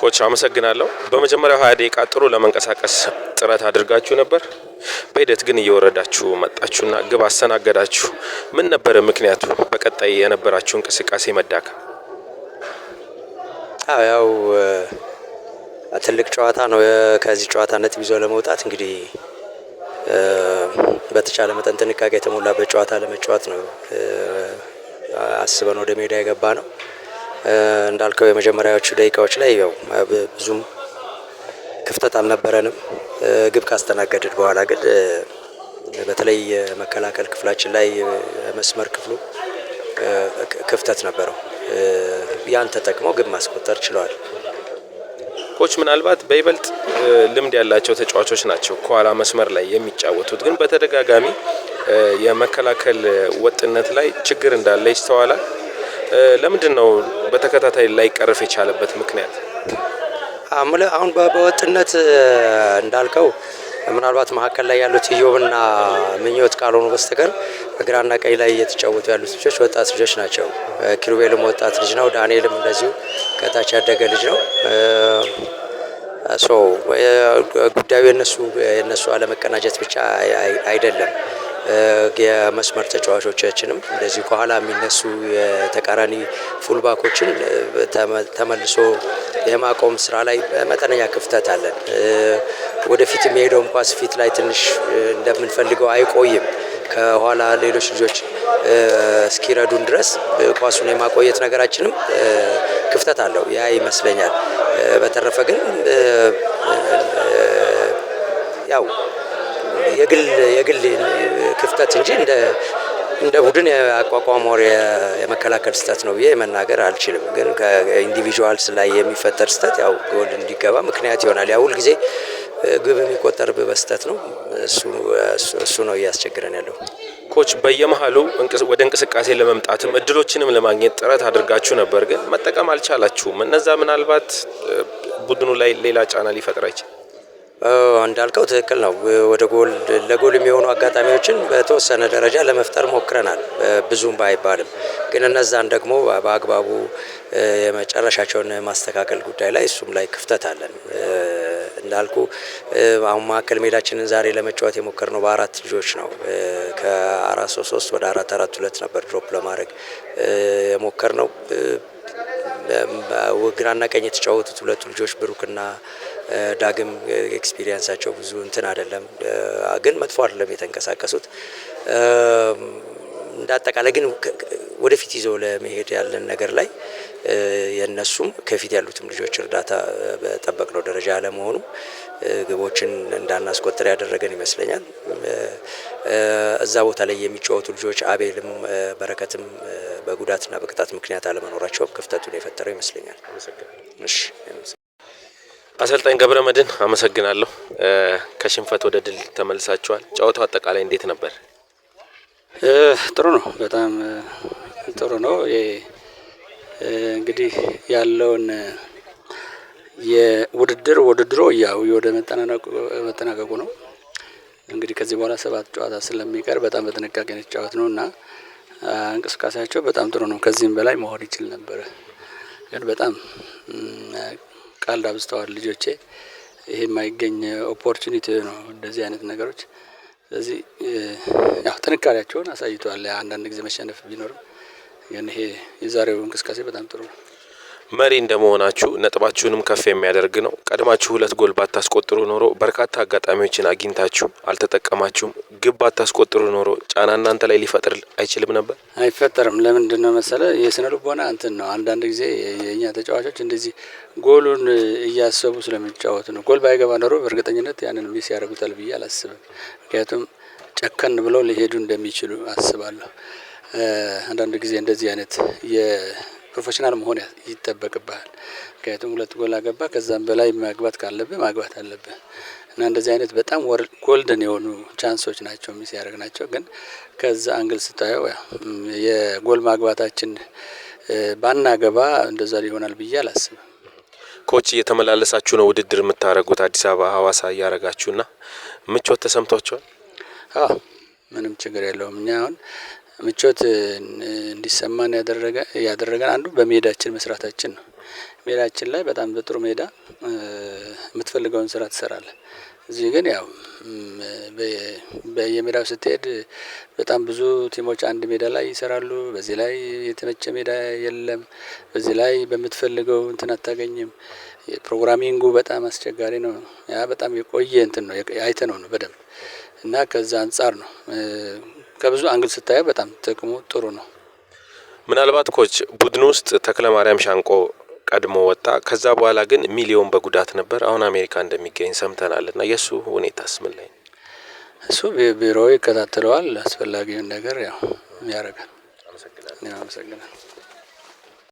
ኮች አመሰግናለሁ። በመጀመሪያው ሀያ ደቂቃ ጥሩ ለመንቀሳቀስ ጥረት አድርጋችሁ ነበር። በሂደት ግን እየወረዳችሁ መጣችሁና ግብ አስተናገዳችሁ። ምን ነበረ ምክንያቱ? በቀጣይ የነበራችሁ እንቅስቃሴ መዳከም? ያው ትልቅ ጨዋታ ነው። ከዚህ ጨዋታ ነጥብ ይዞ ለመውጣት እንግዲህ በተቻለ መጠን ጥንቃቄ የተሞላበት ጨዋታ ለመጫወት ነው አስበን ወደ ሜዳ የገባ ነው። እንዳልከው የመጀመሪያዎቹ ደቂቃዎች ላይ ያው ብዙም ክፍተት አልነበረንም። ግብ ካስተናገድን በኋላ ግን በተለይ የመከላከል ክፍላችን ላይ መስመር ክፍሉ ክፍተት ነበረው። ያን ተጠቅመው ግብ ማስቆጠር ችለዋል። ኮች ምናልባት በይበልጥ ልምድ ያላቸው ተጫዋቾች ናቸው ከኋላ መስመር ላይ የሚጫወቱት፣ ግን በተደጋጋሚ የመከላከል ወጥነት ላይ ችግር እንዳለ ይስተዋላል። ለምንድን ነው በተከታታይ ላይቀረፍ የቻለበት ምክንያት? አሁን በወጥነት እንዳልከው ምናልባት መካከል ላይ ያሉት ኢዮብና ምኞት ካልሆኑ በስተቀር ግራና ቀኝ ላይ እየተጫወቱ ያሉት ልጆች ወጣት ልጆች ናቸው። ኪሩቤልም ወጣት ልጅ ነው። ዳንኤልም እንደዚሁ ከታች ያደገ ልጅ ነው። ጉዳዩ የነሱ የነሱ አለመቀናጀት ብቻ አይደለም። የመስመር ተጫዋቾቻችንም እንደዚህ ከኋላ የሚነሱ የተቃራኒ ፉልባኮችን ተመልሶ የማቆም ስራ ላይ መጠነኛ ክፍተት አለን። ወደፊት የሚሄደውን ኳስ ፊት ላይ ትንሽ እንደምንፈልገው አይቆይም። ከኋላ ሌሎች ልጆች እስኪረዱን ድረስ ኳሱን የማቆየት ነገራችንም ክፍተት አለው። ያ ይመስለኛል። በተረፈ ግን ያው የግል የግል ክፍተት እንጂ እንደ እንደ ቡድን ያቋቋመው የመከላከል ስህተት ነው ብዬ መናገር አልችልም። ግን ከኢንዲቪዥዋልስ ላይ የሚፈጠር ስህተት ያው ጎል እንዲገባ ምክንያት ይሆናል። ያው ሁልጊዜ ግብ የሚቆጠር በስህተት ነው። እሱ ነው እያስቸግረን ያለው። ኮች በየመሀሉ ወደ እንቅስቃሴ ለመምጣትም እድሎችንም ለማግኘት ጥረት አድርጋችሁ ነበር፣ ግን መጠቀም አልቻላችሁም። እነዛ ምናልባት ቡድኑ ላይ ሌላ ጫና ሊፈጥር አይችል እንዳልከው ትክክል ነው። ወደ ጎል ለጎል የሚሆኑ አጋጣሚዎችን በተወሰነ ደረጃ ለመፍጠር ሞክረናል፣ ብዙም ባይባልም ግን እነዛን ደግሞ በአግባቡ የመጨረሻቸውን ማስተካከል ጉዳይ ላይ እሱም ላይ ክፍተት አለን። እንዳልኩ አሁን መካከል ሜዳችንን ዛሬ ለመጫወት የሞከርነው በአራት ልጆች ነው። ከአራት ሶስት ሶስት ወደ አራት አራት ሁለት ነበር ድሮፕ ለማድረግ የሞከርነው ግራና ቀኝ የተጫወቱት ሁለቱ ልጆች ብሩክና ዳግም ኤክስፒሪየንሳቸው ብዙ እንትን አይደለም፣ ግን መጥፎ አይደለም የተንቀሳቀሱት። እንዳጠቃላይ ግን ወደፊት ይዘው ለመሄድ ያለን ነገር ላይ የነሱም ከፊት ያሉትም ልጆች እርዳታ በጠበቅነው ደረጃ አለመሆኑ ግቦችን እንዳናስቆጠር ያደረገን ይመስለኛል። እዛ ቦታ ላይ የሚጫወቱ ልጆች አቤልም በረከትም በጉዳትና በቅጣት ምክንያት አለመኖራቸውም ክፍተቱን የፈጠረው ይመስለኛል። አሰልጣኝ ገብረ መድን አመሰግናለሁ። ከሽንፈት ወደ ድል ተመልሳችኋል። ጨዋታው አጠቃላይ እንዴት ነበር? ጥሩ ነው፣ በጣም ጥሩ ነው። እንግዲህ ያለውን የውድድር ውድድሮ ያው ወደ መጠናቀቁ ነው። እንግዲህ ከዚህ በኋላ ሰባት ጨዋታ ስለሚቀር በጣም በጥንቃቄ ነው ጨዋት ነው እና እንቅስቃሴያቸው በጣም ጥሩ ነው። ከዚህም በላይ መሆን ይችል ነበረ፣ ግን በጣም ቀልድ አብዝተዋል ልጆቼ። ይህ የማይገኝ ኦፖርቹኒቲ ነው እንደዚህ አይነት ነገሮች። ስለዚህ ያው ጥንካሬያቸውን አሳይተዋል። አንዳንድ ጊዜ መሸነፍ ቢኖርም ግን ይሄ የዛሬው እንቅስቃሴ በጣም ጥሩ ነው። መሪ እንደመሆናችሁ ነጥባችሁንም ከፍ የሚያደርግ ነው። ቀድማችሁ ሁለት ጎል ባታስቆጥሩ ኖሮ በርካታ አጋጣሚዎችን አግኝታችሁ አልተጠቀማችሁም። ግብ ባታስቆጥሩ ኖሮ ጫና እናንተ ላይ ሊፈጥር አይችልም ነበር? አይፈጠርም። ለምንድን ነው መሰለ የስነ ልቦና እንትን ነው። አንዳንድ ጊዜ የእኛ ተጫዋቾች እንደዚህ ጎሉን እያሰቡ ስለሚጫወቱ ነው። ጎል ባይገባ ኖሮ በእርግጠኝነት ያንን ሚስ ያደርጉታል ብዬ አላስብም። ምክንያቱም ጨከን ብለው ሊሄዱ እንደሚችሉ አስባለሁ። አንዳንድ ጊዜ እንደዚህ አይነት ፕሮፌሽናል መሆን ይጠበቅብሃል። ምክንያቱም ሁለት ጎል አገባ ከዛም በላይ ማግባት ካለብህ ማግባት አለብህ እና እንደዚህ አይነት በጣም ጎልደን የሆኑ ቻንሶች ናቸው ሚስ ያደረግ ናቸው። ግን ከዛ አንግል ስታየው የጎል ማግባታችን ባናገባ እንደዛ ሊሆናል ብዬ አላስብም። ኮች እየተመላለሳችሁ ነው ውድድር የምታደርጉት አዲስ አበባ፣ ሀዋሳ ና ምቾት ተሰምቷቸዋል? አዎ ምንም ችግር የለውም። እኛ አሁን ምቾት እንዲሰማን ያደረገን አንዱ በሜዳችን መስራታችን ነው። ሜዳችን ላይ በጣም በጥሩ ሜዳ የምትፈልገውን ስራ ትሰራለ። እዚህ ግን ያው በየሜዳው ስትሄድ በጣም ብዙ ቲሞች አንድ ሜዳ ላይ ይሰራሉ። በዚህ ላይ የተመቸ ሜዳ የለም። በዚህ ላይ በምትፈልገው እንትን አታገኝም። የፕሮግራሚንጉ በጣም አስቸጋሪ ነው። ያ በጣም የቆየ እንትን ነው አይተ ነው ነው በደንብ እና ከዛ አንጻር ነው ከብዙ አንግል ስታየው በጣም ጥቅሙ ጥሩ ነው። ምናልባት ኮች ቡድን ውስጥ ተክለ ማርያም ሻንቆ ቀድሞ ወጣ። ከዛ በኋላ ግን ሚሊዮን በጉዳት ነበር። አሁን አሜሪካ እንደሚገኝ ሰምተናል እና የእሱ ሁኔታስ ምን ላይ? እሱ ቢሮ ይከታተለዋል። አስፈላጊውን ነገር ያው ያደርጋል። አመሰግናል።